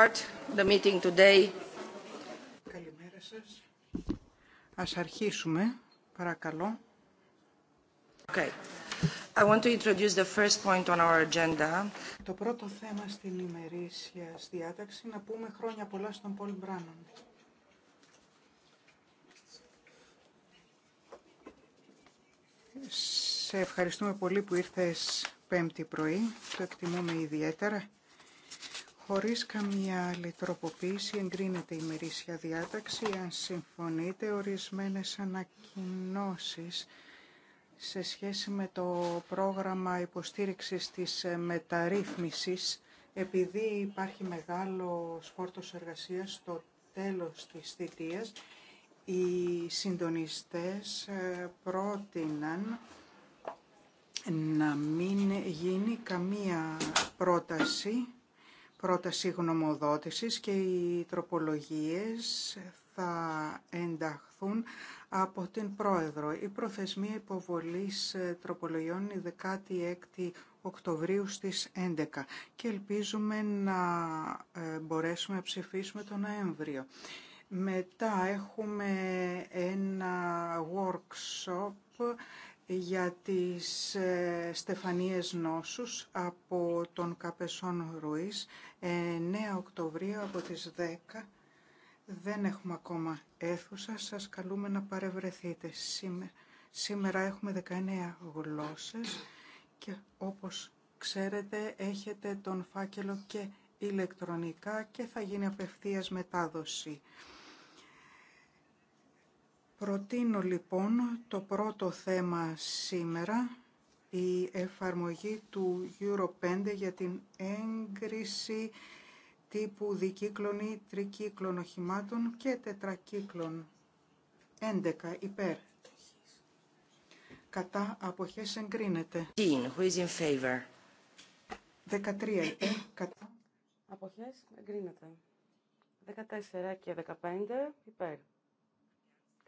start the meeting today. Καλημέρα σας. Ας αρχίσουμε, παρακαλώ. Okay. I want to introduce the first point on our agenda. Το πρώτο θέμα στην ημερήσια διάταξη να πούμε χρόνια πολλά στον Πολ Μπράνον. Σε ευχαριστούμε πολύ που ήρθες πέμπτη πρωί. Το εκτιμούμε ιδιαίτερα. Χωρίς καμία άλλη τροποποίηση εγκρίνεται η μερίσια διάταξη. Αν συμφωνείτε, ορισμένες ανακοινώσεις σε σχέση με το πρόγραμμα υποστήριξης της μεταρρύθμισης, επειδή υπάρχει μεγάλο φόρτος εργασίας στο τέλος της θητείας, οι συντονιστές ε, πρότειναν να μην γίνει καμία πρόταση πρόταση γνωμοδότησης και οι τροπολογίες θα ενταχθούν από την Πρόεδρο. Η προθεσμία υποβολής ε, τροπολογιών είναι 16 Οκτωβρίου στις 11 και ελπίζουμε να ε, μπορέσουμε να ψηφίσουμε τον Νοέμβριο. Μετά έχουμε ένα workshop για τις ε, στεφανίες νόσους από τον Καπεσόν Ρουής 9 ε, Οκτωβρίου από τις 10 δεν έχουμε ακόμα αίθουσα, σας καλούμε να παρευρεθείτε σήμερα. Σήμερα έχουμε 19 γλώσσες και όπως ξέρετε έχετε τον φάκελο και ηλεκτρονικά και θα γίνει απευθείας μετάδοση. Προτείνω λοιπόν το πρώτο θέμα σήμερα, η εφαρμογή του Euro 5 για την έγκριση τύπου δικύκλων ή τρικύκλων οχημάτων και τετρακύκλων. 11 υπέρ. Κατά αποχές εγκρίνεται. 13, who is in favor. 13 υπέρ. Κατά αποχές εγκρίνεται. 14 και 15 υπέρ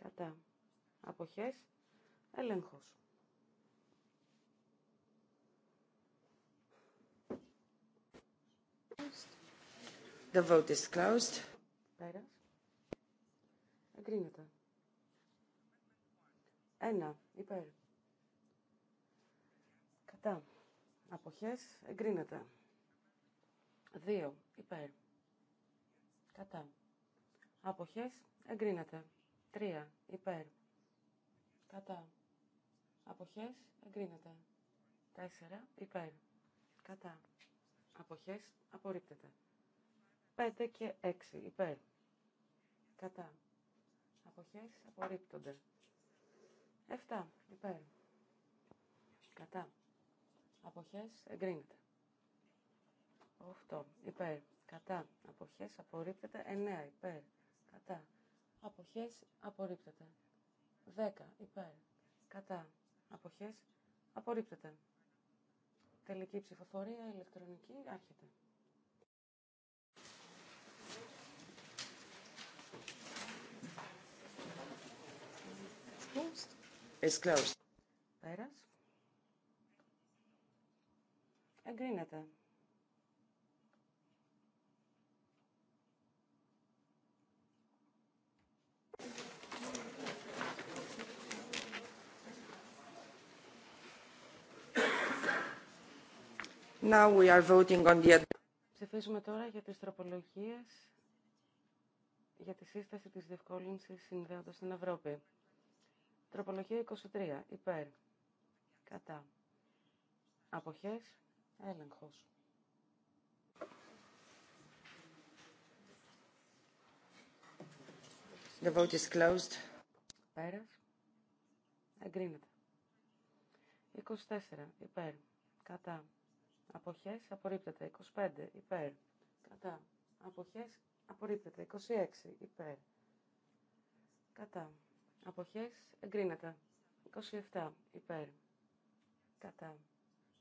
κατά αποχές έλεγχος. The vote is closed. Πέρας. Εγκρίνεται. Ένα. Υπέρ. Κατά. Αποχές. Εγκρίνεται. Δύο. Υπέρ. Κατά. Αποχές. Εγκρίνεται. 3. Υπέρ. Κατά. Αποχές. Εγκρίνεται. 4. Υπέρ. Κατά. Αποχές. Απορρίπτεται. 5 και 6. Υπέρ. Κατά. Αποχές. Απορρίπτονται. 7. Υπέρ. Κατά. Αποχές. Εγκρίνεται. 8. Υπέρ. Κατά. Αποχές. Απορρίπτεται. 9. Υπέρ. Κατά αποχές απορρίπτεται. 10 υπέρ, κατά, αποχές απορρίπτεται. Τελική ψηφοφορία, ηλεκτρονική, άρχεται. It's Πέρας. Εγκρίνεται. Now we are voting on the... Ψηφίζουμε τώρα για τις τροπολογίες για τη σύσταση της διευκόλυνσης συνδέοντας στην Ευρώπη. Τροπολογία 23. Υπέρ. Κατά. Αποχές. Έλεγχος. The vote is closed. Πέρας. Εγκρίνεται. 24. Υπέρ. Κατά. Αποχές απορρίπτεται 25 υπέρ. Κατά. Αποχές απορρίπτεται 26 υπέρ. Κατά. Αποχές εγκρίνεται 27 υπέρ. Κατά.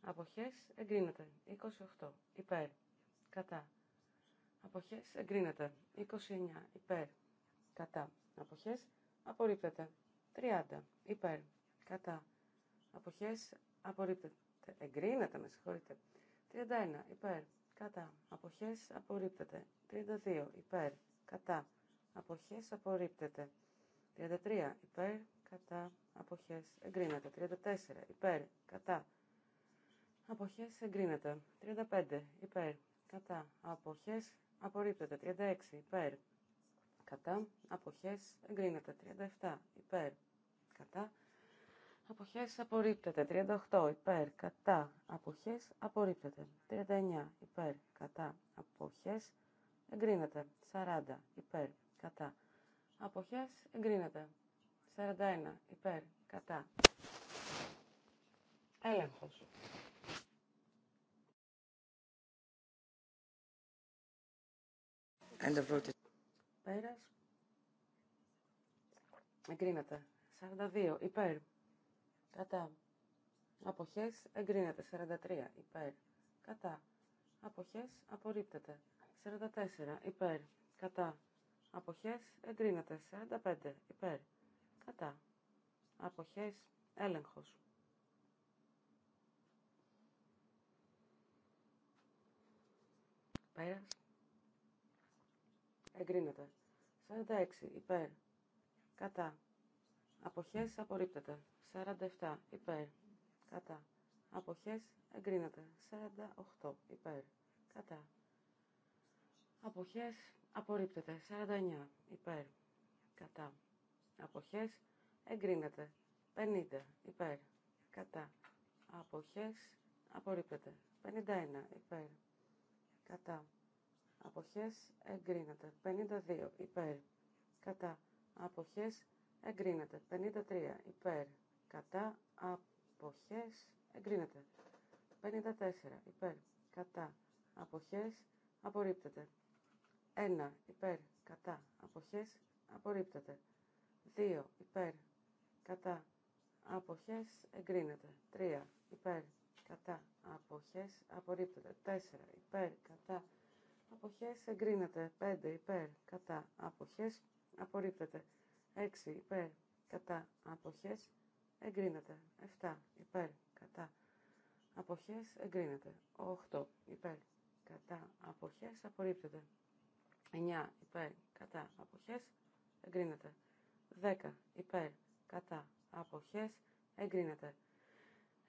Αποχές εγκρίνεται 28 υπέρ. Κατά. Αποχές εγκρίνεται 29 υπέρ. Κατά. Αποχές απορρίπτεται 30 υπέρ. Κατά. Αποχές απορρίπτεται εγκρίνεται, με συγχωρείτε, 31. Υπέρ. Κατά. Αποχές απορρίπτεται. 32. Υπέρ. Κατά. Αποχές απορρίπτεται. 33. Υπέρ. Κατά. Αποχές εγκρίνεται. 34. Υπέρ. Κατά. Αποχές εγκρίνεται. 35. Υπέρ. Κατά. Αποχές απορρίπτεται. 36. Υπέρ. Κατά. Αποχές εγκρίνεται. 37. Υπέρ. Κατά. Αποχές απορρίπτεται. 38 υπέρ κατά αποχές απορρίπτεται. 39 υπέρ κατά αποχές εγκρίνεται. 40 υπέρ κατά αποχές εγκρίνεται. 41 υπέρ κατά έλεγχος. And the Πέρας. Εγκρίνεται. 42 υπέρ Κατά. Αποχές εγκρίνεται. 43. Υπέρ. Κατά. Αποχές απορρίπτεται. 44. Υπέρ. Κατά. Αποχές εγκρίνεται. 45. Υπέρ. Κατά. Αποχές έλεγχος. Πέρας. Εγκρίνεται. 46. Υπέρ. Κατά. Αποχές απορρίπτεται. 47 υπέρ. Κατά. Αποχές εγκρίνεται. 48 υπέρ. Κατά. Αποχές απορρίπτεται. 49 υπέρ. Κατά. Αποχές εγκρίνεται. 50 υπέρ. Κατά. Αποχές απορρίπτεται. 51 υπέρ. Κατά. Αποχές εγκρίνεται. 52 υπέρ. Κατά. Αποχές εγκρίνεται. 53 υπέρ κατά αποχές εγκρίνεται. 54 υπέρ κατά αποχές απορρίπτεται. 1 υπέρ κατά αποχές απορρίπτεται. 2 υπέρ κατά αποχές εγκρίνεται. 3 υπέρ κατά αποχές απορρίπτεται. 4 υπέρ κατά αποχές εγκρίνεται. 5 υπέρ κατά αποχές απορρίπτεται. 6 υπέρ κατά αποχές εγκρίνεται. 7 υπέρ κατά αποχές εγκρίνεται. 8 υπέρ κατά αποχές απορρίπτεται. 9 υπέρ κατά αποχές εγκρίνεται. 10 υπέρ κατά αποχές εγκρίνεται.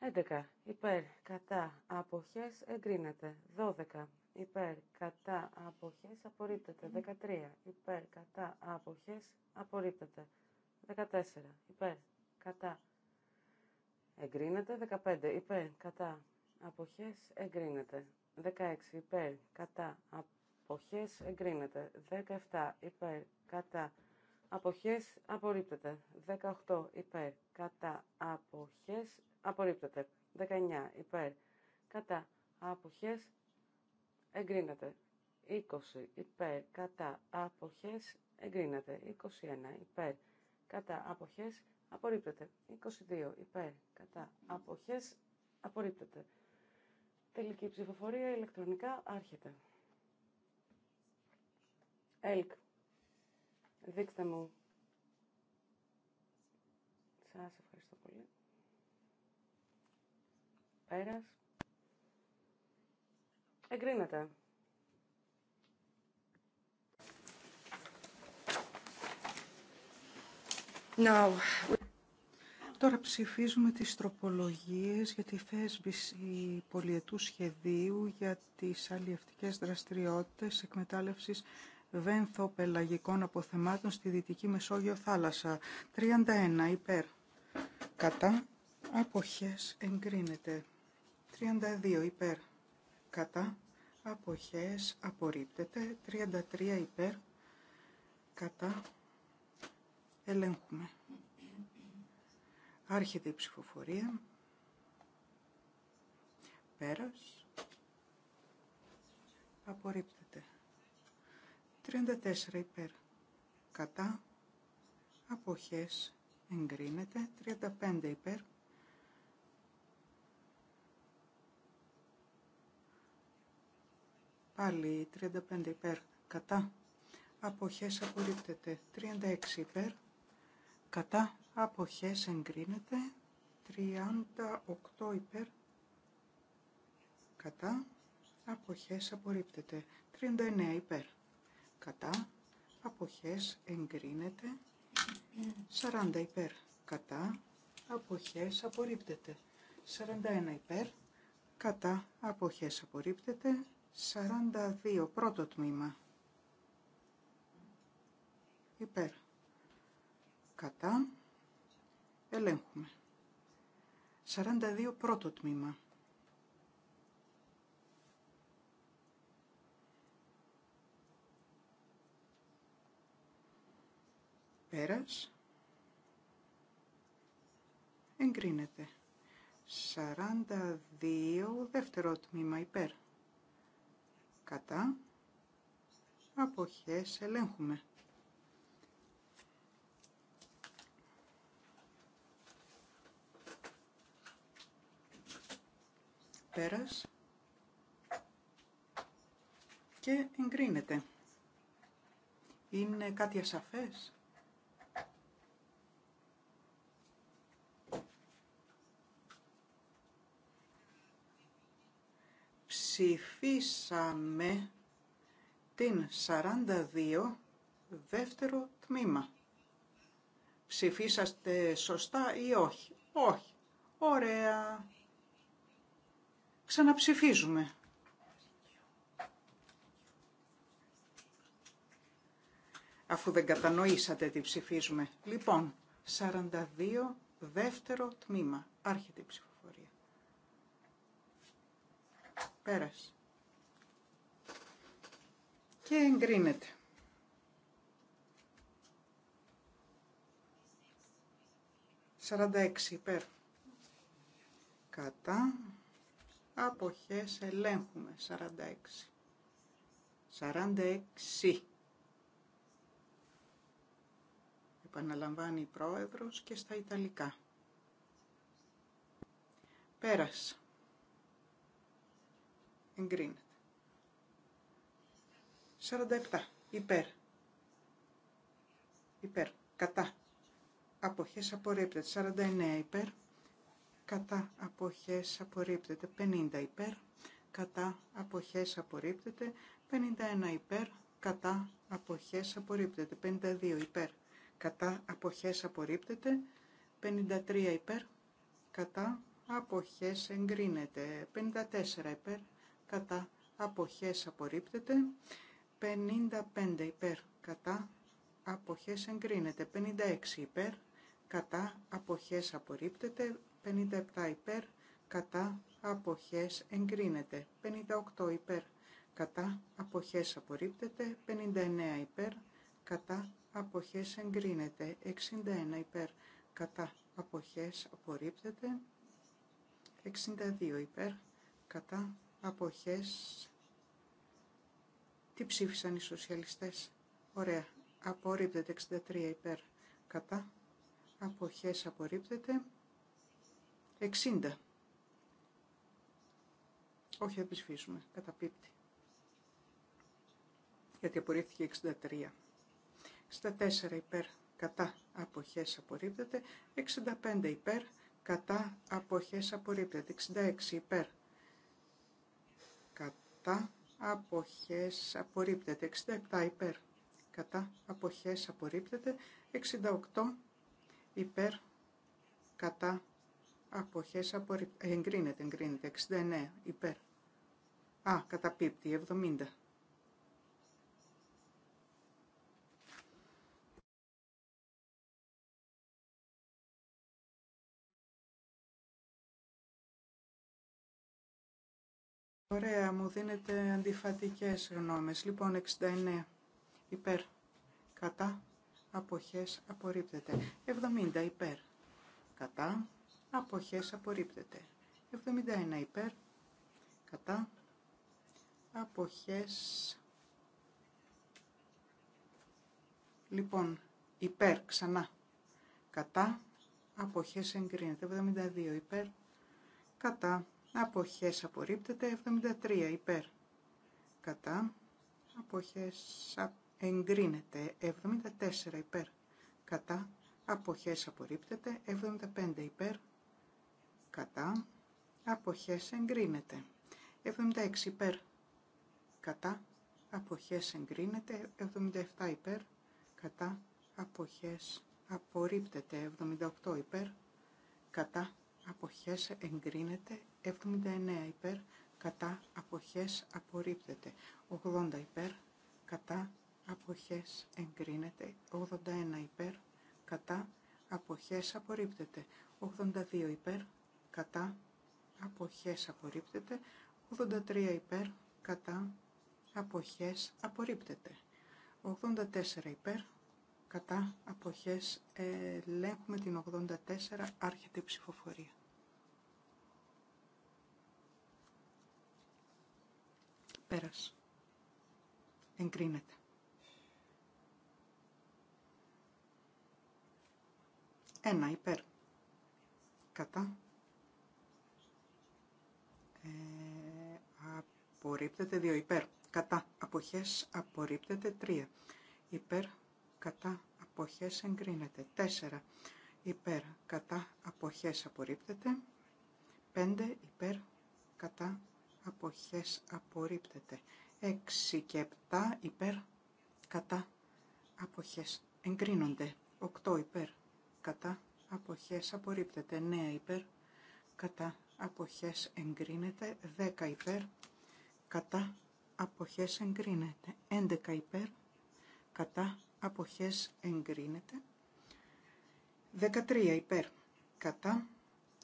11 υπέρ κατά αποχές εγκρίνεται. 12 υπέρ κατά αποχές απορρίπτεται. 13 υπέρ κατά αποχές απορρίπτεται. 14 υπέρ κατά εγκρίνεται. 15 υπέρ, κατά, αποχές, εγκρίνεται. 16 υπέρ, κατά, αποχές, εγκρίνεται. 17 υπέρ, κατά, αποχές, απορρίπτεται. 18 υπέρ, κατά, αποχές, απορρίπτεται. 19 υπέρ, κατά, αποχές, εγκρίνεται. 20 υπέρ, κατά, αποχές, εγκρίνεται. 21 υπέρ, κατά, αποχές, Απορρίπτεται. 22 υπέρ κατά αποχές. Απορρίπτεται. Τελική ψηφοφορία ηλεκτρονικά άρχεται. ΕΛΚ. Δείξτε μου. Σας ευχαριστώ πολύ. Πέρας. Εγκρίνεται. we- Τώρα ψηφίζουμε τις τροπολογίες για τη θέσπιση πολιετού σχεδίου για τις αλλιευτικές δραστηριότητες εκμετάλλευσης αποθεμάτων στη Δυτική Μεσόγειο θάλασσα. 31 υπέρ. Κατά. Αποχές εγκρίνεται. 32 υπέρ. Κατά. Αποχές απορρίπτεται. 33 υπέρ. Κατά. Ελέγχουμε. Άρχεται η ψηφοφορία. Πέρας. Απορρίπτεται. 34 υπέρ. Κατά. Αποχές. Εγκρίνεται. 35 υπέρ. Πάλι 35 υπέρ. Κατά. Αποχές απορρίπτεται. 36 υπέρ. Κατά αποχές εγκρίνεται 38 υπέρ κατά αποχές απορρίπτεται 39 υπέρ κατά αποχές εγκρίνεται 40 υπέρ κατά αποχές απορρίπτεται 41 υπέρ κατά αποχές απορρίπτεται 42 πρώτο τμήμα υπέρ κατά Ελέγχουμε. 42 πρώτο τμήμα. Πέρας. Εγκρίνεται. 42 δεύτερο τμήμα υπέρ. Κατά. Αποχές ελέγχουμε. πέρας και εγκρίνεται. Είναι κάτι ασαφές. Ψηφίσαμε την 42 δεύτερο τμήμα. Ψηφίσατε σωστά ή όχι. Όχι. Ωραία. Ξαναψηφίζουμε. Αφού δεν κατανοήσατε τι ψηφίζουμε. Λοιπόν, 42 δεύτερο τμήμα. Άρχεται η ψηφοφορία. Πέρασε. Και εγκρίνεται. 46 υπέρ. Κατά αποχές ελέγχουμε 46 46 επαναλαμβάνει η πρόεδρος και στα Ιταλικά πέρας εγκρίνεται 47 υπέρ υπέρ κατά αποχές απορρίπτεται 49 υπέρ κατά αποχές απορρίπτεται 50 υπέρ, κατά αποχές απορρίπτεται 51 υπέρ, κατά αποχές απορρίπτεται 52 υπέρ, κατά αποχές απορρίπτεται 53 υπέρ, κατά αποχές εγκρίνεται 54 υπέρ, κατά αποχές απορρίπτεται 55 υπέρ, κατά αποχές εγκρίνεται 56 υπέρ, κατά αποχές απορρίπτεται 57 υπέρ, κατά, αποχές, εγκρίνεται. 58 υπέρ, κατά, αποχές, απορρίπτεται. 59 υπέρ, κατά, αποχές, εγκρίνεται. 61 υπέρ, κατά, αποχές, απορρίπτεται. 62 υπέρ, κατά, αποχές, τι ψήφισαν οι σοσιαλιστές. Ωραία. Απορρίπτεται 63 υπέρ κατά. Αποχές απορρίπτεται. 60. Όχι, επισφίσουμε, Κατά Καταπίπτει. Γιατί απορρίφθηκε 63. 64 υπέρ κατά αποχές απορρίπτεται. 65 υπέρ κατά αποχές απορρίπτεται. 66 υπέρ κατά αποχές απορρίπτεται. 67 υπέρ κατά αποχές απορρίπτεται. 68 υπέρ κατά Αποχές απορρι... Ε, εγκρίνεται, εγκρίνεται. 69 υπέρ. Α, καταπίπτει, 70. Ωραία, μου δίνετε αντιφατικές γνώμες. Λοιπόν, 69 υπέρ. Κατά. Αποχές απορρίπτεται. 70 υπέρ. Κατά αποχές απορρίπτεται. 71 υπέρ, κατά, αποχές, λοιπόν, υπέρ, ξανά, κατά, αποχές εγκρίνεται. 72 υπέρ, κατά, αποχές απορρίπτεται. 73 υπέρ, κατά, αποχές εγκρίνεται. 74 υπέρ, κατά, αποχές απορρίπτεται. 75 υπέρ, κατά, αποχές εγκρίνεται. 76 υπέρ, κατά, αποχές εγκρίνεται. 77 υπέρ, κατά, αποχές απορρίπτεται. 78 υπέρ, κατά, αποχές εγκρίνεται. 79 υπέρ, κατά, αποχές απορρίπτεται. 80 υπέρ, κατά, αποχές εγκρίνεται. 81 υπέρ, κατά, αποχές απορρίπτεται. 82 υπέρ, κατά αποχές απορρίπτεται 83 υπέρ κατά αποχές απορρίπτεται 84 υπέρ κατά αποχές ελέγχουμε την 84 άρχεται η ψηφοφορία πέρας εγκρίνεται ένα υπέρ κατά ε, απορρίπτεται 2 υπέρ. Κατά αποχές απορρίπτεται 3. Υπέρ κατά αποχές εγκρίνεται 4. Υπέρ κατά αποχές απορρίπτεται 5. Υπέρ κατά αποχές απορρίπτεται 6 και 7 υπέρ κατά αποχές εγκρίνονται 8 υπέρ κατά αποχές απορρίπτεται 9 υπέρ κατά αποχές εγκρίνεται, 10 υπέρ, κατά αποχές εγκρίνεται, 11 υπέρ, κατά αποχές εγκρίνεται, 13 υπέρ, κατά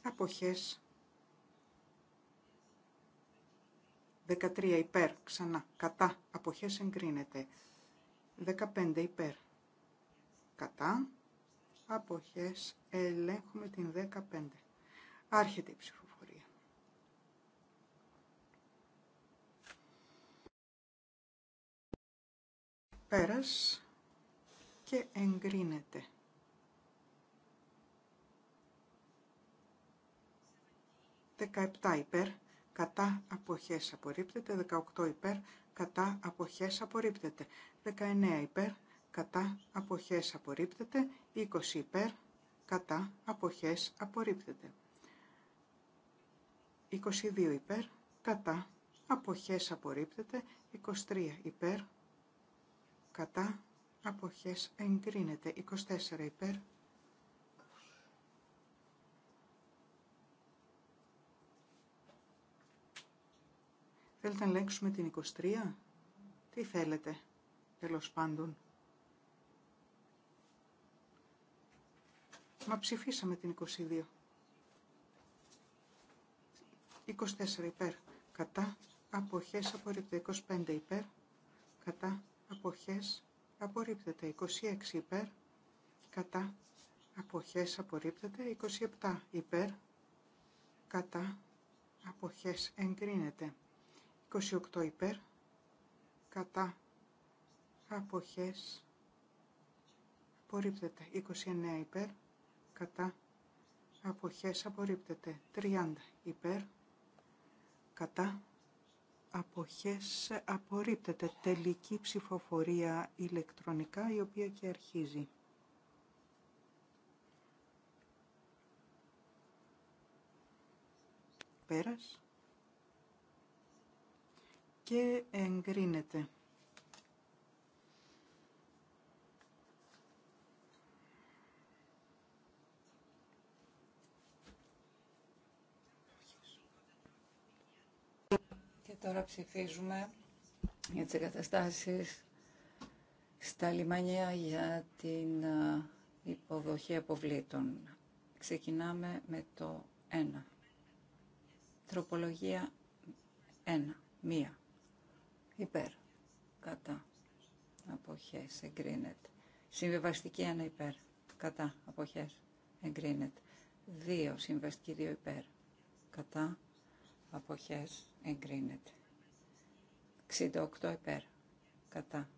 αποχές 13 υπέρ, ξανά, κατά, αποχές εγκρίνεται. 15 υπέρ, κατά, αποχές, ελέγχουμε την 15. Άρχεται η ψηφοφορία. Πέρας και εγκρίνεται. 17 υπέρ, κατά αποχές απορρίπτεται, 18 υπέρ, κατά αποχές απορρίπτεται, 19 υπέρ, κατά αποχές απορρίπτεται, 20 υπέρ, κατά αποχές απορρίπτεται. 22 υπέρ, κατά αποχές απορρίπτεται, 23 υπέρ, κατά, αποχές εγκρίνεται. 24 υπέρ, Θέλετε να ελέγξουμε την 23. Τι θέλετε, τέλος πάντων. Μα ψηφίσαμε την 22. 24 υπέρ. Κατά. Αποχές απορρίπτω. 25 υπέρ. Κατά αποχές απορρίπτεται 26 υπέρ κατά αποχές απορρίπτεται 27 υπέρ κατά αποχές εγκρίνεται 28 υπέρ κατά αποχές απορρίπτεται 29 υπέρ κατά αποχές απορρίπτεται 30 υπέρ κατά αποχές απορρίπτεται τελική ψηφοφορία ηλεκτρονικά η οποία και αρχίζει. Πέρας και εγκρίνεται. τώρα ψηφίζουμε για τις εγκαταστάσεις στα λιμάνια για την υποδοχή αποβλήτων. Ξεκινάμε με το 1. Τροπολογία 1. Μία. Υπέρ. Κατά. Αποχές. Εγκρίνεται. Συμβεβαστική 1 υπέρ. Κατά. Αποχές. Εγκρίνεται. 2. Συμβεβαστική 2 υπέρ. Κατά. Αποχές εγκρίνεται. 68 υπέρ, κατά,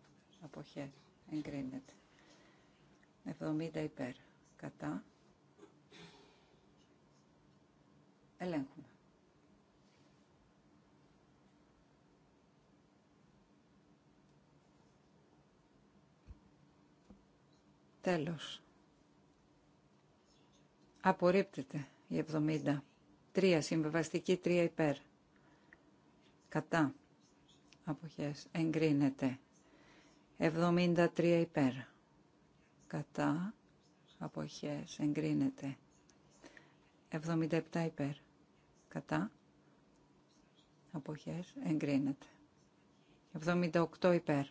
αποχέ, εγκρίνεται. 70 υπέρ, κατά, ελέγχουμε. Τέλος. Απορρίπτεται η 70. 3 συμβεβαστική, 3 υπέρ κατά αποχές εγκρίνεται 73 υπέρ κατά αποχές εγκρίνεται 77 υπέρ κατά αποχές εγκρίνεται 78 υπέρ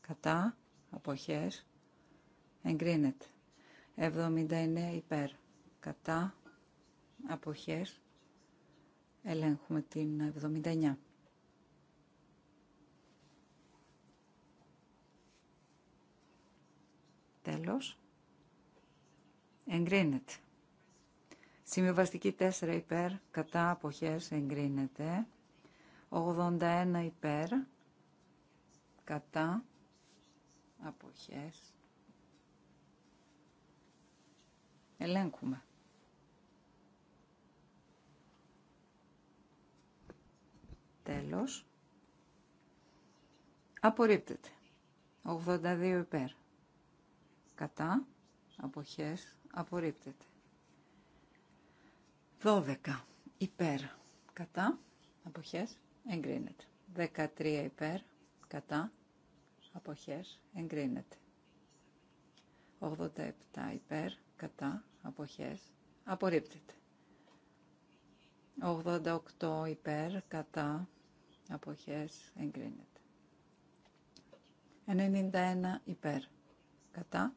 κατά αποχές εγκρίνεται 79 υπέρ κατά αποχές ελέγχουμε την 79 Τέλος. Εγκρίνεται. Συμβιβαστική 4 υπέρ, κατά αποχές εγκρίνεται. 81 υπέρ, κατά αποχές. Ελέγχουμε. Τέλος. Απορρίπτεται. 82 υπέρ κατά, αποχές, απορρίπτεται. 12 υπέρ, κατά, αποχές, εγκρίνεται. 13 υπέρ, κατά, αποχές, εγκρίνεται. 87 υπέρ, κατά, αποχές, απορρίπτεται. 88 υπέρ, κατά, αποχές, εγκρίνεται. 91 υπέρ, κατά,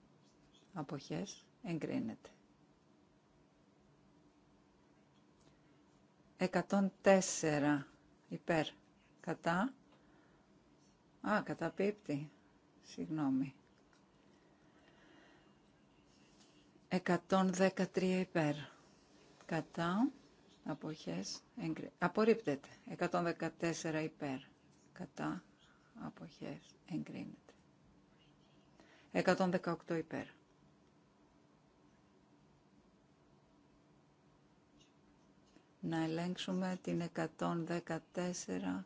αποχές εγκρίνεται. 104 υπέρ κατά α καταπίπτει συγγνώμη 113 υπέρ κατά αποχές εγκρι... απορρίπτεται 114 υπέρ κατά αποχές εγκρίνεται 118 υπέρ να ελέγξουμε την 114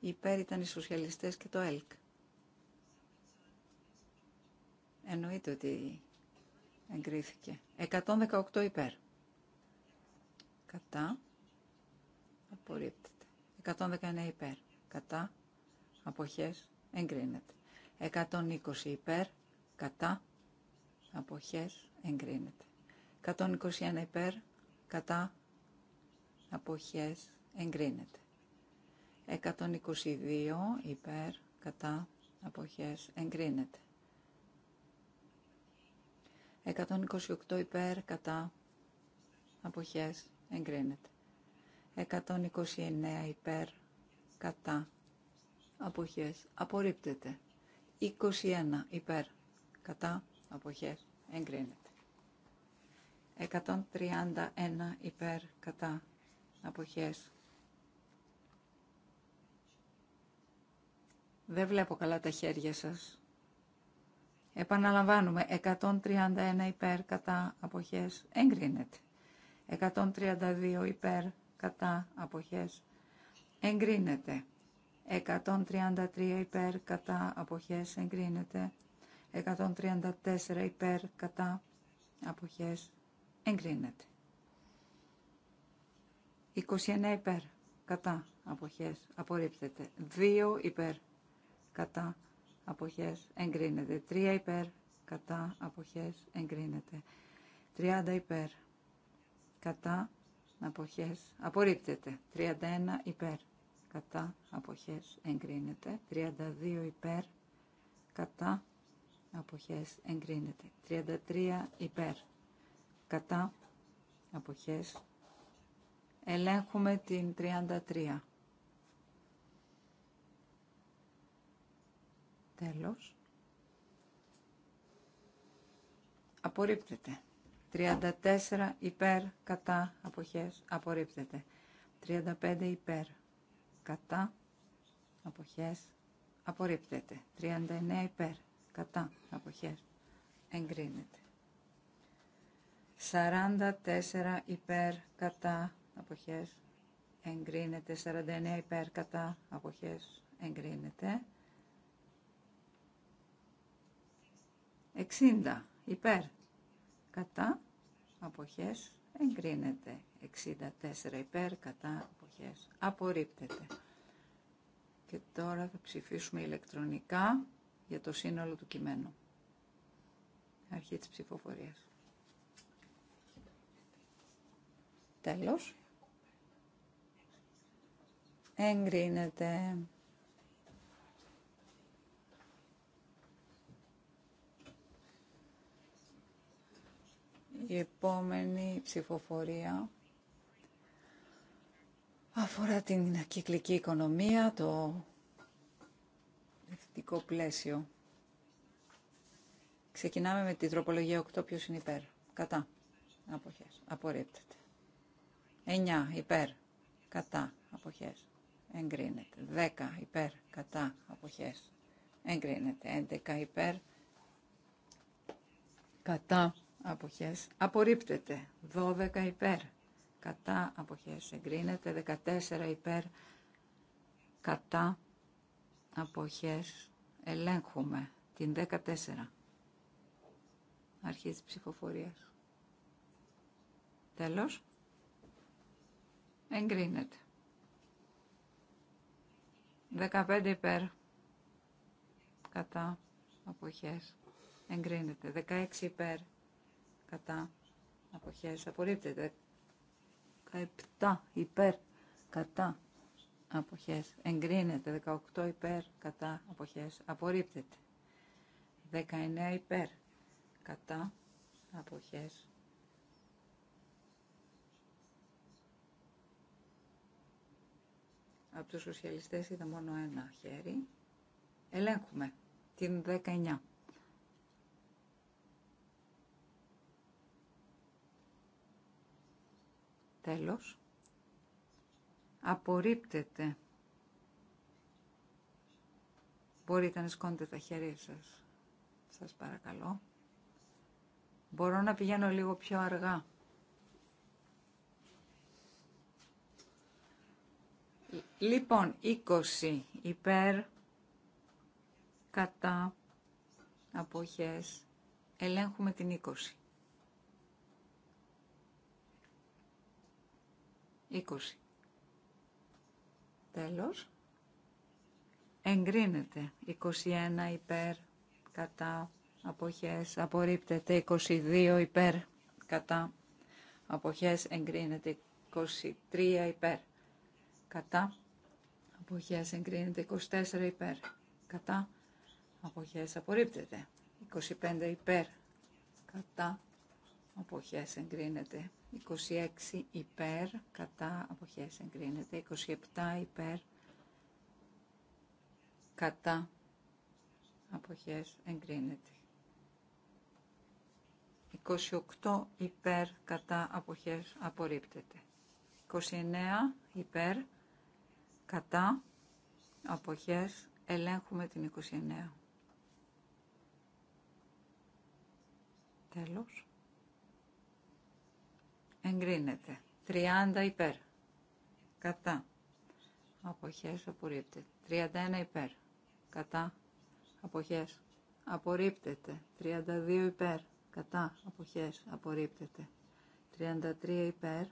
υπέρ ήταν οι σοσιαλιστές και το ΕΛΚ. Εννοείται ότι εγκρίθηκε. 118 υπέρ. Κατά. Απορρίπτεται. 119 υπέρ. Κατά. Αποχές. Εγκρίνεται. 120 υπέρ. Κατά. Αποχές. Εγκρίνεται. 121 υπέρ. Κατά αποχές εγκρίνεται. 122 υπέρ κατά αποχές εγκρίνεται. 128 υπέρ κατά αποχές εγκρίνεται. 129 υπέρ κατά αποχές απορρίπτεται. 21 υπέρ κατά αποχές εγκρίνεται. 131 υπέρ κατά αποχές. Δεν βλέπω καλά τα χέρια σας. Επαναλαμβάνουμε, 131 υπέρ κατά αποχές εγκρίνεται. 132 υπέρ κατά αποχές εγκρίνεται. 133 υπέρ κατά αποχές εγκρίνεται. 134 υπέρ κατά αποχές εγκρίνεται. 21 υπέρ, κατά, αποχές, απορρίπτεται. 2 υπέρ, κατά, αποχές, εγκρίνεται. 3 υπέρ, κατά, αποχές, εγκρίνεται. 30 υπέρ, κατά, αποχές, απορρίπτεται. 31 υπέρ, κατά, αποχές, εγκρίνεται. 32 υπέρ, κατά, αποχές, εγκρίνεται. 33 υπέρ, κατά, αποχές, Ελέγχουμε την 33. Τέλος. Απορρίπτεται. 34 υπέρ κατά αποχές. Απορρίπτεται. 35 υπέρ κατά αποχές. Απορρίπτεται. 39 υπέρ κατά αποχές. Εγκρίνεται. 44 υπέρ κατά αποχές εγκρίνεται 49 υπέρ κατά αποχές εγκρίνεται 60 υπέρ κατά αποχές εγκρίνεται 64 υπέρ κατά αποχές απορρίπτεται και τώρα θα ψηφίσουμε ηλεκτρονικά για το σύνολο του κειμένου αρχή της ψηφοφορίας τέλος Εγκρίνεται. Η επόμενη ψηφοφορία αφορά την κυκλική οικονομία, το ευθυντικό πλαίσιο. Ξεκινάμε με την τροπολογία 8, ποιος είναι υπέρ. Κατά. Αποχές. Απορρίπτεται. 9. Υπέρ. Κατά. Αποχές εγκρίνεται. 10 υπέρ κατά αποχές εγκρίνεται. 11 υπέρ κατά αποχές απορρίπτεται. 12 υπέρ κατά αποχές εγκρίνεται. 14 υπέρ κατά αποχές ελέγχουμε την 14. τη ψηφοφορία. Τέλος. Εγκρίνεται. 15 υπέρ. Κατά. Αποχές. Εγκρίνεται. 16 υπέρ. Κατά. Αποχές. Απορρίπτεται. 17 υπέρ. Κατά. Αποχές. Εγκρίνεται. 18 υπέρ. Κατά. Αποχές. Απορρίπτεται. 19 υπέρ. Κατά. Αποχές. Από τους σοσιαλιστές είδα μόνο ένα χέρι. Ελέγχουμε την 19. Τέλος. Απορρίπτεται. Μπορείτε να σκόνετε τα χέρια σας. Σας παρακαλώ. Μπορώ να πηγαίνω λίγο πιο αργά. Λοιπόν, 20 υπέρ, κατά, αποχές, ελέγχουμε την 20. 20. Τέλος. Εγκρίνεται. 21 υπέρ, κατά, αποχές. Απορρίπτεται. 22 υπέρ, κατά, αποχές. Εγκρίνεται. 23 υπέρ, κατά, αποχές εγκρίνεται 24 υπέρ κατά αποχές απορρίπτεται 25 υπέρ κατά αποχές εγκρίνεται 26 υπέρ κατά αποχές εγκρίνεται 27 υπέρ κατά αποχές εγκρίνεται 28 υπέρ κατά αποχές απορρίπτεται 29 υπέρ κατά, αποχές, ελέγχουμε την 29. Τέλος. Εγκρίνεται. 30 υπέρ. Κατά. Αποχές απορρίπτεται. 31 υπέρ. Κατά. Αποχές. Απορρίπτεται. 32 υπέρ. Κατά. Αποχές. Απορρίπτεται. 33 υπέρ.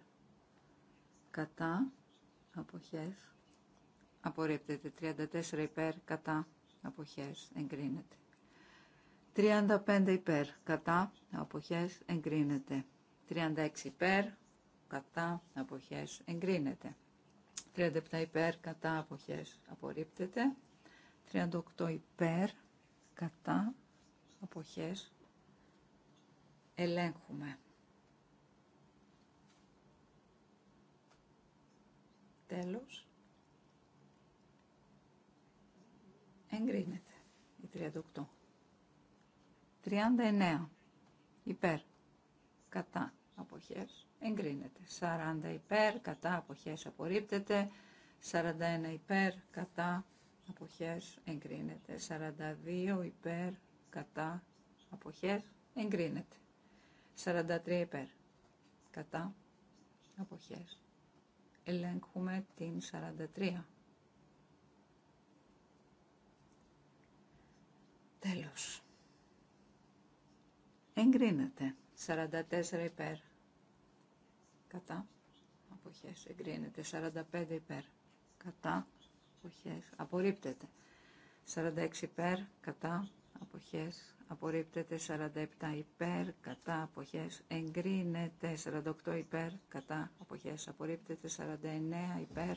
Κατά. Αποχές απορρίπτεται. 34 υπέρ κατά αποχές εγκρίνεται. 35 υπέρ κατά αποχές εγκρίνεται. 36 υπέρ κατά αποχές εγκρίνεται. 37 υπέρ κατά αποχές απορρίπτεται. 38 υπέρ κατά αποχές ελέγχουμε. Τέλος. Εγκρίνεται η 38. 39 υπέρ κατά αποχές εγκρίνεται. 40 υπέρ κατά αποχές απορρίπτεται. 41 υπέρ κατά αποχές εγκρίνεται. 42 υπέρ κατά αποχές εγκρίνεται. 43 υπέρ κατά αποχές. Ελέγχουμε την 43. Τέλος. Εγκρίνεται. 44 υπέρ. Κατά. Αποχές. Εγκρίνεται. 45 υπέρ. Κατά. Αποχές. Απορρίπτεται. 46 υπέρ. Κατά. Αποχές. Απορρίπτεται. 47 υπέρ. Κατά. Αποχές. Εγκρίνεται. 48 υπέρ. Κατά. Αποχές. Απορρίπτεται. 49 υπέρ.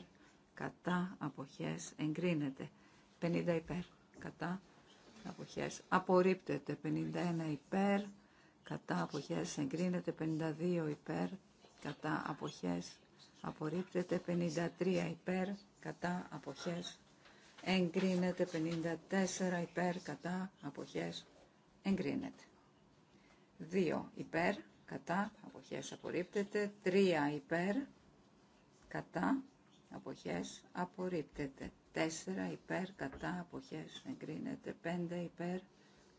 Κατά. Αποχές. Εγκρίνεται. 50 υπέρ. Κατά αποχές απορρίπτεται 51 υπέρ κατά αποχές εγκρίνεται 52 υπέρ κατά αποχές απορρίπτεται 53 υπέρ κατά αποχές εγκρίνεται 54 υπέρ κατά αποχές εγκρίνεται 2 υπέρ κατά αποχές απορρίπτεται 3 υπέρ κατά αποχές απορρίπτεται 4 υπέρ κατά αποχές εγκρίνεται 5 υπέρ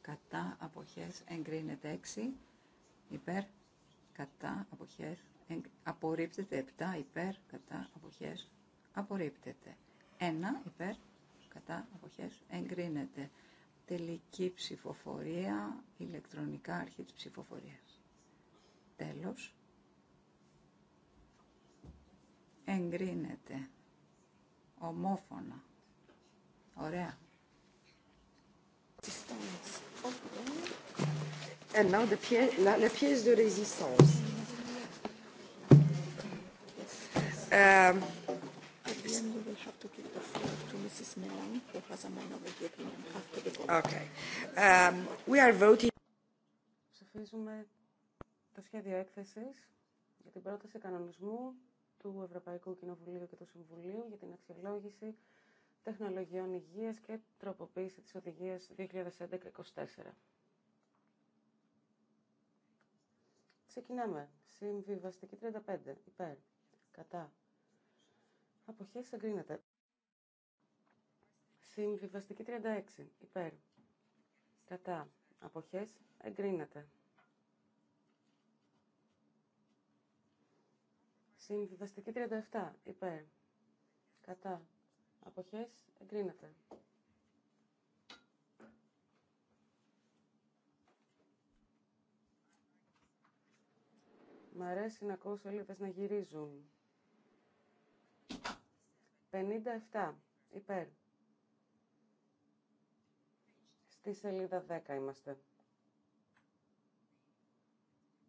κατά αποχές εγκρίνεται 6 υπέρ κατά αποχές εγ... απορρίπτεται 7 υπέρ κατά αποχές απορρίπτεται 1 υπέρ κατά αποχές εγκρίνεται τελική ψηφοφορία ηλεκτρονικά αρχή της ψηφοφορίας τέλος εγκρίνεται ομόφωνα Ωραία. Ψηφίζουμε το σχέδιο έκθεση για την πρόταση κανονισμού του Ευρωπαϊκού Κοινοβουλίου και του Συμβουλίου για την αξιολόγηση τεχνολογιών υγείας και τροποποίηση της οδηγίας 2011-24. Ξεκινάμε. Συμβιβαστική 35. Υπέρ. Κατά. Αποχές εγκρίνεται. Συμβιβαστική 36. Υπέρ. Κατά. Αποχές εγκρίνεται. Συμβιβαστική 37. Υπέρ. Κατά αποχές εγκρίνεται. Μ' αρέσει να ακούω σελίδες να γυρίζουν. 57. Υπέρ. Στη σελίδα 10 είμαστε.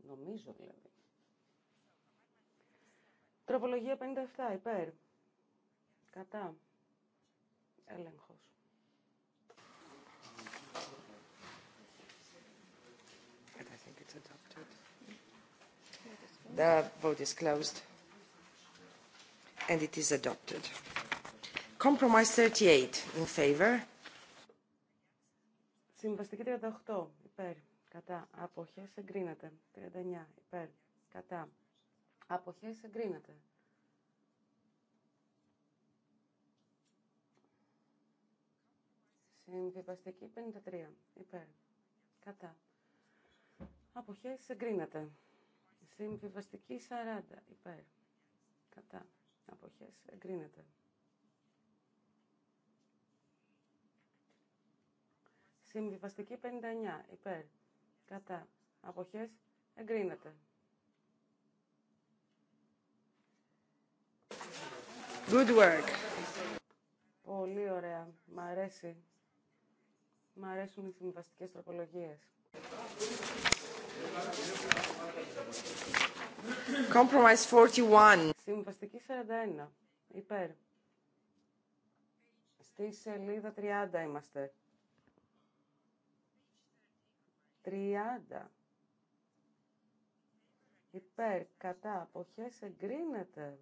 Νομίζω δηλαδή. Τροπολογία 57. Υπέρ. Κατά έλεγχος. I think it's adopted. The vote is closed. And it is adopted. Compromise 38 in favor. Συμβαστική 38 υπέρ. Κατά. Αποχές εγκρίνεται. 39 υπέρ. Κατά. Αποχές εγκρίνεται. Συμβιβαστική 53. Υπέρ. Κατά. Αποχές εγκρίνεται. Συμβιβαστική 40. Υπέρ. Κατά. Αποχές εγκρίνεται. Συμβιβαστική 59. Υπέρ. Κατά. Αποχές εγκρίνεται. Good work. Πολύ ωραία. Μ' αρέσει. Μ' αρέσουν οι συμβαστικέ τροπολογίε. Compromise 41. Συμβαστική 41. Υπέρ. Στη σελίδα 30 είμαστε. 30. Υπέρ, κατά, αποχές εγκρίνεται.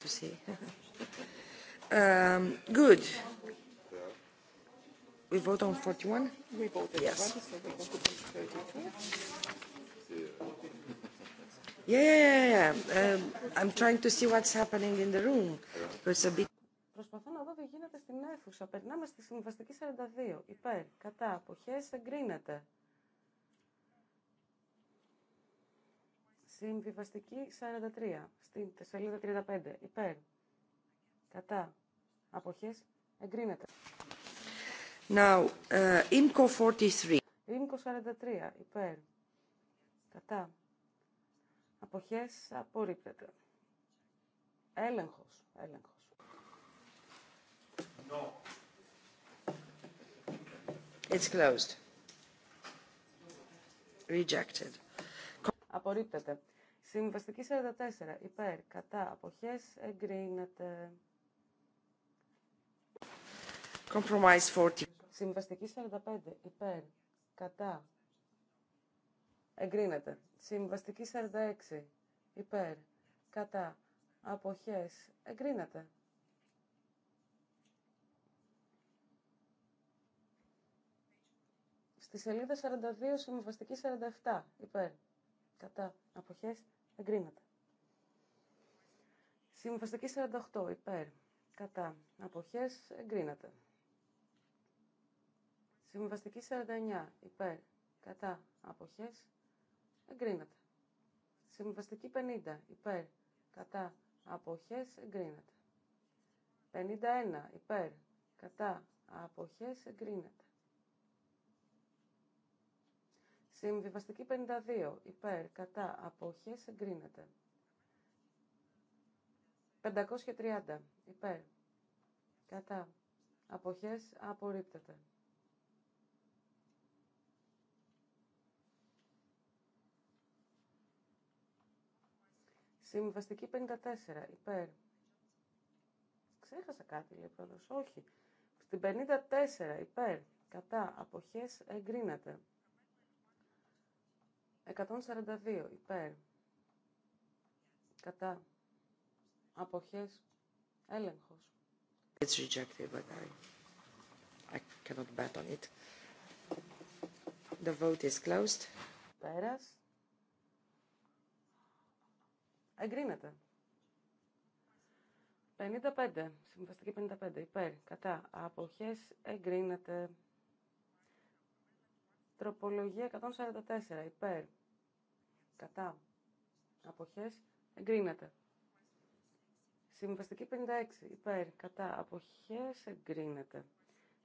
to see. um, good. We vote on 41? We voted yes. 20, so we 32. Yeah, yeah, yeah. Um, I'm trying to see what's happening in the room. It's a bit... Προσπαθώ να δω τι γίνεται στην αίθουσα. Περνάμε στη συμβαστική 42. Υπέρ, κατά, αποχές, εγκρίνεται. Συμβιβαστική 43, στην σελίδα 35, υπέρ. Κατά. Αποχές εγκρίνεται. Now, uh, 43. 43, υπέρ. Κατά. Αποχές απορρίπτεται. Έλεγχος, έλεγχος. No. It's closed. Rejected. Απορρίπτεται. Συμβαστική 44. Υπέρ. Κατά. Αποχές. Εγκρίνεται. Compromise 40. Συμβαστική 45. Υπέρ. Κατά. Εγκρίνεται. Συμβαστική 46. Υπέρ. Κατά. Αποχές. Εγκρίνεται. Στη σελίδα 42, συμβαστική 47. Υπέρ κατά αποχές εγκρίνεται. Συμβαστική 48 υπέρ κατά αποχές εγκρίνεται. Συμβαστική 49 υπέρ κατά αποχές εγκρίνεται. Συμβαστική 50 υπέρ κατά αποχές εγκρίνεται. 51 υπέρ κατά αποχές εγκρίνεται. Συμβιβαστική 52. Υπέρ, κατά, αποχές, εγκρίνεται. 530. Υπέρ, κατά, αποχές, απορρίπτεται. 54. Υπέρ. Ξέχασα κάτι, λέει πρόεδρος. Όχι. Στην 54. Υπέρ. Κατά. Αποχές εγκρίνεται. 142 υπέρ. Κατά. Αποχές. Έλεγχος. It's rejected, but I, I cannot bet on it. The vote is closed. Πέρας. Εγκρίνεται. 55. Συμβαστική 55. Υπέρ. Κατά. Αποχές. Εγκρίνεται. Τροπολογία 144. Υπέρ. Κατά. Αποχές. Εγκρίνεται. Συμβιβαστική 56. Υπέρ. Κατά. Αποχές. Εγκρίνεται.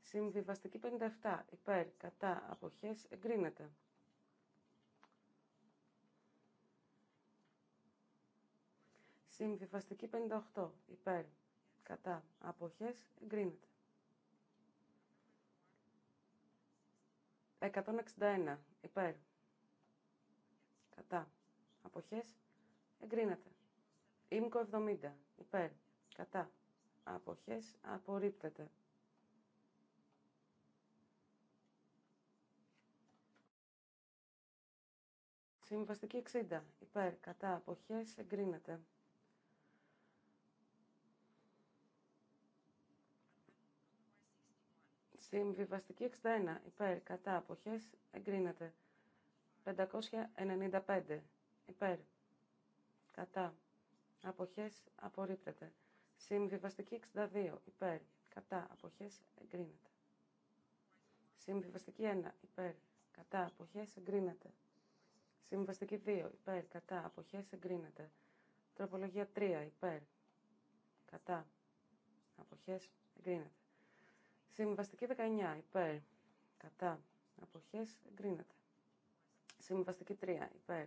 Συμβιβαστική 57. Υπέρ. Κατά. Αποχές. Εγκρίνεται. Συμβιβαστική 58. Υπέρ. Κατά. Αποχές. Εγκρίνεται. 161 υπέρ. Κατά. Αποχές. Εγκρίνεται. Ήμκο 70 υπέρ. Κατά. Αποχές. Απορρίπτεται. Συμβαστική 60 υπέρ. Κατά. Αποχές. Εγκρίνεται. Συμβιβαστική 61. Υπέρ. Κατά. Αποχές. Εγκρίνεται. 595. Υπέρ. Κατά. Αποχές. Απορρίπτεται. Συμβιβαστική 62. Υπέρ. Κατά. Αποχές. Εγκρίνεται. Συμβιβαστική 1. Υπέρ. Κατά. Αποχές. Εγκρίνεται. Συμβιβαστική 2. Υπέρ. Κατά. Αποχές. Εγκρίνεται. Τροπολογία 3. Υπέρ. Κατά. Αποχές. Εγκρίνεται. Συμβαστική 19 υπέρ. Κατά. Αποχές εγκρίνεται. Συμβαστική 3 υπέρ.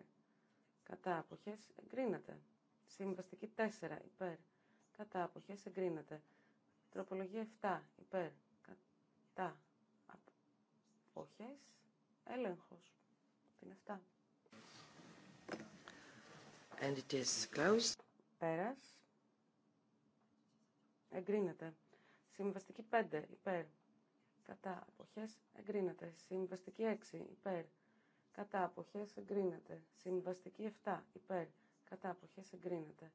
Κατά. Αποχές εγκρίνεται. Συμβαστική 4 υπέρ. Κατά. Αποχές εγκρίνεται. Τροπολογία 7 υπέρ. Κατά. Αποχές. Έλεγχος. Την 7. And it is closed. Πέρας. Εγκρίνεται. Συμβαστική 5 υπέρ. Κατά απόχέ εγκρίνεται. Συμβαστική 6 υπέρ. Κατά αποχές εγκρίνεται. Συμβαστική 7 υπέρ. Κατά απόχε, εγκρίνεται.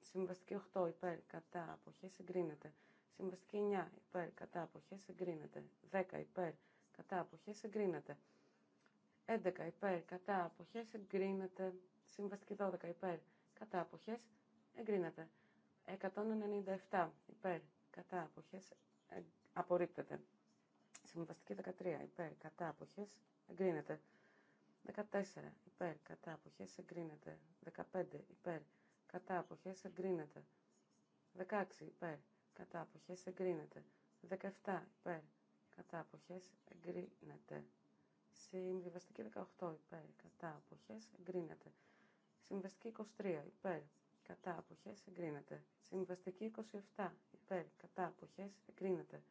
Συμβαστική 8 υπέρ. Κατά αποχέ, εγκρίνεται. Συμβαστική 9 υπέρ. Κατά αποχές εγκρίνεται. 10 υπέρ. Κατά αποχές εγκρίνεται. 11 υπέρ. Κατά απόχέ, εγκρίνεται. Συμβαστική 12 υπέρ. Κατά αποχές εγκρίνεται. 197 υπέρ κατά αποχές ε, απορρίπτεται. Συμβαστική 13 υπέρ κατά αποχές εγκρίνεται. 14 υπέρ κατά αποχές εγκρίνεται. 15 υπέρ κατά αποχές εγκρίνεται. 16 υπέρ κατά αποχές εγκρίνεται. 17 υπέρ κατά αποχές εγκρίνεται. Συμβιβαστική 18 υπέρ κατά αποχές εγκρίνεται. Συμβιβαστική 23 υπέρ κατά αποχές εγκρίνεται. Συμβαστική 27 υπέρ κατά αποχές εγκρίνεται.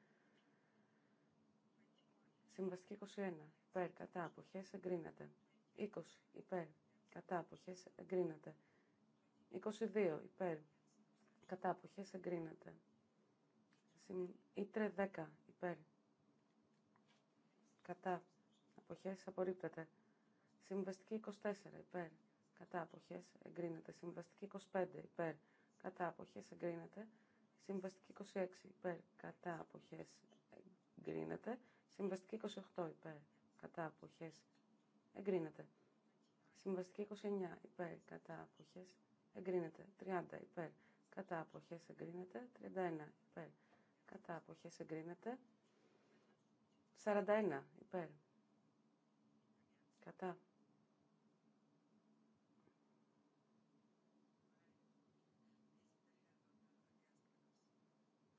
Συμβαστική 21 υπέρ κατά αποχές εγκρίνεται. 20 υπέρ κατά αποχές εγκρίνεται. 22 υπέρ κατά αποχές εγκρίνεται. Ήτρε 10 υπέρ κατά αποχές απορρίπτεται. Συμβαστική 24 υπέρ κατά αποχές εγκρίνεται. Συμβαστική 25 υπέρ κατά αποχές εγκρίνεται. Συμβαστική 26 υπέρ κατά αποχές εγκρίνεται. Συμβαστική 28 υπέρ κατά αποχές εγκρίνεται. Συμβαστική 29 υπέρ κατά αποχές εγκρίνεται. 30 υπέρ κατά αποχές εγκρίνεται. 31 υπέρ κατά αποχές εγκρίνεται. 41 υπέρ κατά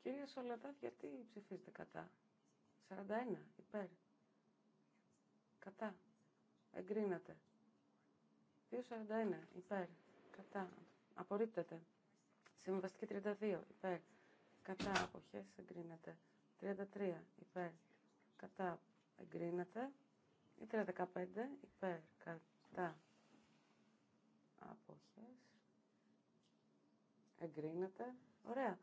Κύριε Σολατά, γιατί ψηφίζετε κατά. 41 υπέρ. Κατά. Εγκρίνατε. 241 υπέρ. Κατά. Απορρίπτεται. Συμβαστική 32 υπέρ. Κατά. Αποχές εγκρίνατε, 33 υπέρ. Κατά. Εγκρίνεται. 315 υπέρ. Κατά. Αποχές. εγκρίνατε, Ωραία.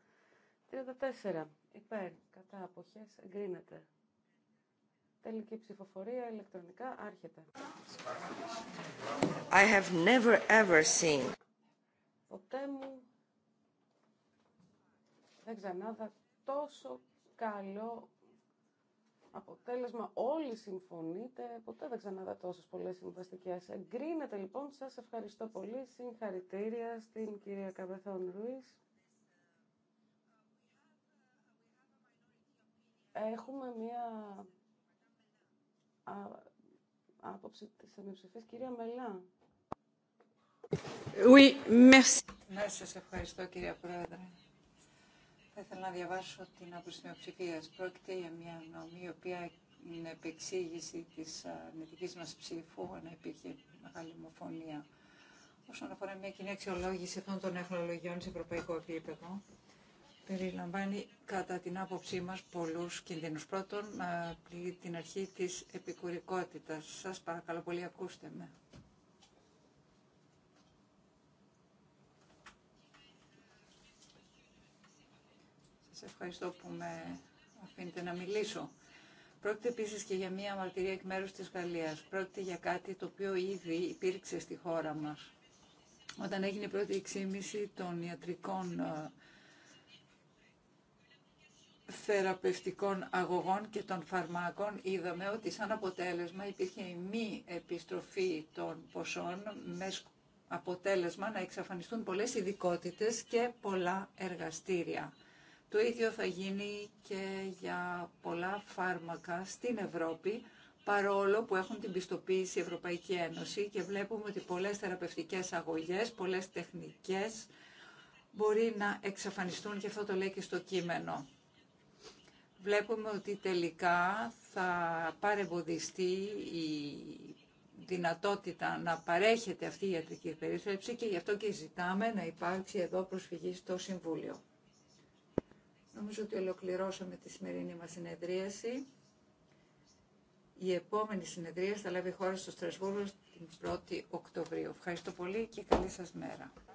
34. Υπέρ. Κατά αποχές εγκρίνεται. Τελική ψηφοφορία ηλεκτρονικά άρχεται. I have never ever seen. Ποτέ μου δεν ξανάδα τόσο καλό αποτέλεσμα. Όλοι συμφωνείτε. Ποτέ δεν ξανάδα τόσες πολλές συμβαστικές. Εγκρίνεται λοιπόν. Σας ευχαριστώ πολύ. Συγχαρητήρια στην κυρία Καβεθόν Ρουίς. έχουμε μία άποψη της αμοιψηφής. Κυρία Μελά. Oui, merci. Ναι, σας ευχαριστώ κυρία Πρόεδρε. Θα ήθελα να διαβάσω την άποψη μειοψηφία. Πρόκειται για μια νομή η οποία είναι επεξήγηση της αρνητική μας ψήφου, αν υπήρχε μεγάλη ομοφωνία. Όσον αφορά μια κοινή αξιολόγηση αυτών των εχνολογιών σε ευρωπαϊκό επίπεδο, περιλαμβάνει κατά την άποψή μας πολλούς κινδύνους. Πρώτον, την αρχή της επικουρικότητας. Σας παρακαλώ πολύ, ακούστε με. Σας ευχαριστώ που με αφήνετε να μιλήσω. Πρόκειται επίση και για μία μαρτυρία εκ μέρους τη Γαλλία. Πρόκειται για κάτι το οποίο ήδη υπήρξε στη χώρα μα. Όταν έγινε η πρώτη εξήμιση των ιατρικών θεραπευτικών αγωγών και των φαρμάκων είδαμε ότι σαν αποτέλεσμα υπήρχε η μη επιστροφή των ποσών με αποτέλεσμα να εξαφανιστούν πολλές ειδικότητε και πολλά εργαστήρια. Το ίδιο θα γίνει και για πολλά φάρμακα στην Ευρώπη, παρόλο που έχουν την πιστοποίηση η Ευρωπαϊκή Ένωση και βλέπουμε ότι πολλές θεραπευτικές αγωγές, πολλές τεχνικές μπορεί να εξαφανιστούν και αυτό το λέει και στο κείμενο βλέπουμε ότι τελικά θα παρεμποδιστεί η δυνατότητα να παρέχεται αυτή η ιατρική περίθαλψη και γι' αυτό και ζητάμε να υπάρξει εδώ προσφυγή στο Συμβούλιο. Νομίζω ότι ολοκληρώσαμε τη σημερινή μας συνεδρίαση. Η επόμενη συνεδρία θα λάβει χώρα στο Στρασβούργο την 1η Οκτωβρίου. Ευχαριστώ πολύ και καλή σας μέρα.